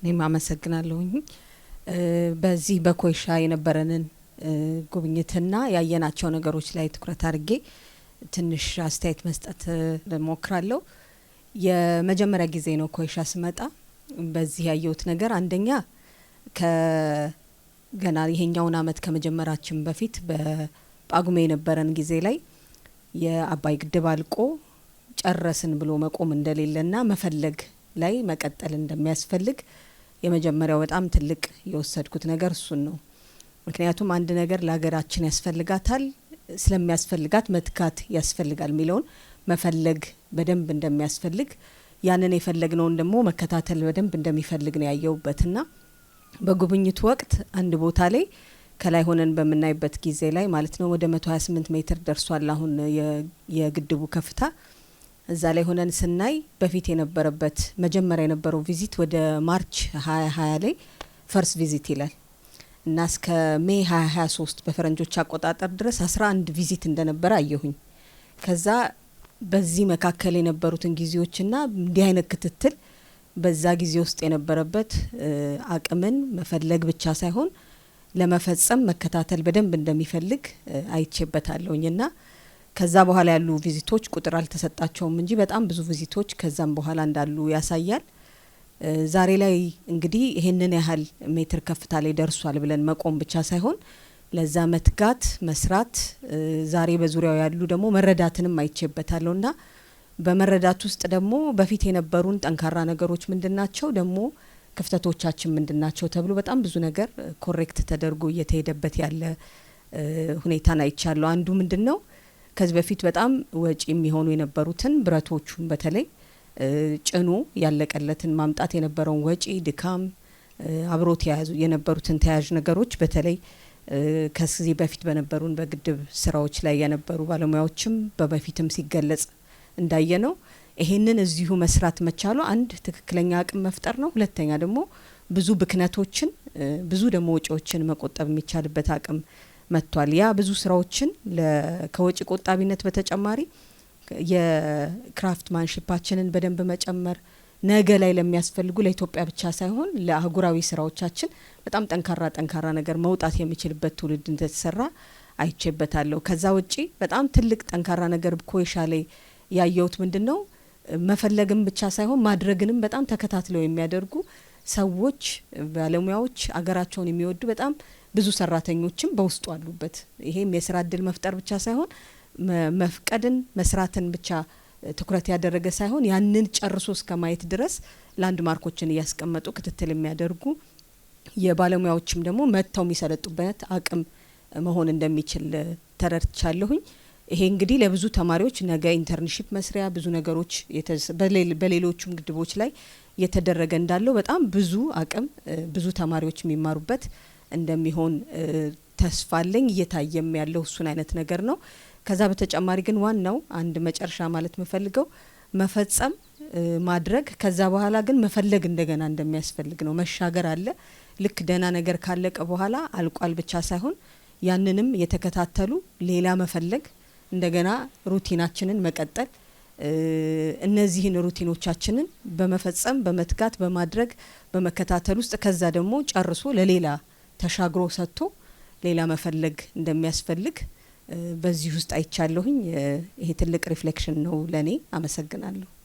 እኔም አመሰግናለሁኝ። በዚህ በኮይሻ የነበረንን ጉብኝትና ያየናቸው ነገሮች ላይ ትኩረት አድርጌ ትንሽ አስተያየት መስጠት ሞክራለሁ። የመጀመሪያ ጊዜ ነው ኮይሻ ስመጣ። በዚህ ያየሁት ነገር አንደኛ ከገና ይሄኛውን አመት ከመጀመራችን በፊት በጳጉሜ የነበረን ጊዜ ላይ የአባይ ግድብ አልቆ ጨረስን ብሎ መቆም እንደሌለና መፈለግ ላይ መቀጠል እንደሚያስፈልግ የመጀመሪያው በጣም ትልቅ የወሰድኩት ነገር እሱን ነው። ምክንያቱም አንድ ነገር ለሀገራችን ያስፈልጋታል፣ ስለሚያስፈልጋት መትካት ያስፈልጋል የሚለውን መፈለግ በደንብ እንደሚያስፈልግ ያንን የፈለግነውን ደግሞ መከታተል በደንብ እንደሚፈልግ ነው ያየሁበትና በጉብኝቱ ወቅት አንድ ቦታ ላይ ከላይ ሆነን በምናይበት ጊዜ ላይ ማለት ነው ወደ 128 ሜትር ደርሷል አሁን የግድቡ ከፍታ እዛ ላይ ሆነን ስናይ በፊት የነበረበት መጀመሪያ የነበረው ቪዚት ወደ ማርች 2020 ላይ ፈርስ ቪዚት ይላል እና እስከ ሜይ 2023 በፈረንጆች አቆጣጠር ድረስ 11 ቪዚት እንደነበረ አየሁኝ። ከዛ በዚህ መካከል የነበሩትን ጊዜዎችና እንዲህ አይነት ክትትል በዛ ጊዜ ውስጥ የነበረበት አቅምን መፈለግ ብቻ ሳይሆን ለመፈጸም መከታተል በደንብ እንደሚፈልግ አይቼበታለሁኝ እና ከዛ በኋላ ያሉ ቪዚቶች ቁጥር አልተሰጣቸውም እንጂ በጣም ብዙ ቪዚቶች ከዛም በኋላ እንዳሉ ያሳያል። ዛሬ ላይ እንግዲህ ይህንን ያህል ሜትር ከፍታ ላይ ደርሷል ብለን መቆም ብቻ ሳይሆን ለዛ መትጋት መስራት፣ ዛሬ በዙሪያው ያሉ ደግሞ መረዳትንም አይቼበታለሁ እና በመረዳት ውስጥ ደግሞ በፊት የነበሩን ጠንካራ ነገሮች ናቸው ደግሞ ክፍተቶቻችን ናቸው ተብሎ በጣም ብዙ ነገር ኮሬክት ተደርጎ እየተሄደበት ያለ ሁኔታን አይቻለሁ። አንዱ ምንድን ነው ከዚህ በፊት በጣም ወጪ የሚሆኑ የነበሩትን ብረቶቹን በተለይ ጭኖ ያለቀለትን ማምጣት የነበረውን ወጪ፣ ድካም፣ አብሮ ተያያዙ የነበሩትን ተያያዥ ነገሮች በተለይ ከዚህ በፊት በነበሩን በግድብ ስራዎች ላይ የነበሩ ባለሙያዎችም በበፊትም ሲገለጽ እንዳየ ነው። ይሄንን እዚሁ መስራት መቻሉ አንድ ትክክለኛ አቅም መፍጠር ነው። ሁለተኛ ደግሞ ብዙ ብክነቶችን ብዙ ደግሞ ወጪዎችን መቆጠብ የሚቻልበት አቅም መጥቷል። ያ ብዙ ስራዎችን ከወጪ ቆጣቢነት በተጨማሪ የክራፍት ማንሽፓችንን በደንብ መጨመር ነገ ላይ ለሚያስፈልጉ ለኢትዮጵያ ብቻ ሳይሆን ለአህጉራዊ ስራዎቻችን በጣም ጠንካራ ጠንካራ ነገር መውጣት የሚችልበት ትውልድ እንደተሰራ አይቼበታለሁ። ከዛ ውጪ በጣም ትልቅ ጠንካራ ነገር ኮይሻ ላይ ያየሁት ምንድን ነው መፈለግም ብቻ ሳይሆን ማድረግንም በጣም ተከታትለው የሚያደርጉ ሰዎች፣ ባለሙያዎች አገራቸውን የሚወዱ በጣም ብዙ ሰራተኞችም በውስጡ አሉበት። ይሄም የስራ እድል መፍጠር ብቻ ሳይሆን መፍቀድን መስራትን ብቻ ትኩረት ያደረገ ሳይሆን ያንን ጨርሶ እስከ ማየት ድረስ ላንድ ማርኮችን እያስቀመጡ ክትትል የሚያደርጉ የባለሙያዎችም ደግሞ መጥተው የሚሰለጡበት አቅም መሆን እንደሚችል ተረድቻለሁኝ። ይሄ እንግዲህ ለብዙ ተማሪዎች ነገ ኢንተርንሺፕ መስሪያ ብዙ ነገሮች በሌሎቹም ግድቦች ላይ እየተደረገ እንዳለው በጣም ብዙ አቅም ብዙ ተማሪዎች የሚማሩበት እንደሚሆን ተስፋ አለኝ። እየታየም ያለው እሱን አይነት ነገር ነው። ከዛ በተጨማሪ ግን ዋናው አንድ መጨረሻ ማለት የምፈልገው መፈጸም ማድረግ ከዛ በኋላ ግን መፈለግ እንደገና እንደሚያስፈልግ ነው። መሻገር አለ። ልክ ደህና ነገር ካለቀ በኋላ አልቋል ብቻ ሳይሆን ያንንም የተከታተሉ ሌላ መፈለግ እንደገና ሩቲናችንን መቀጠል እነዚህን ሩቲኖቻችንን በመፈጸም በመትጋት በማድረግ በመከታተል ውስጥ ከዛ ደግሞ ጨርሶ ለሌላ ተሻግሮ ሰጥቶ ሌላ መፈለግ እንደሚያስፈልግ በዚህ ውስጥ አይቻለሁኝ። ይሄ ትልቅ ሪፍሌክሽን ነው ለእኔ። አመሰግናለሁ።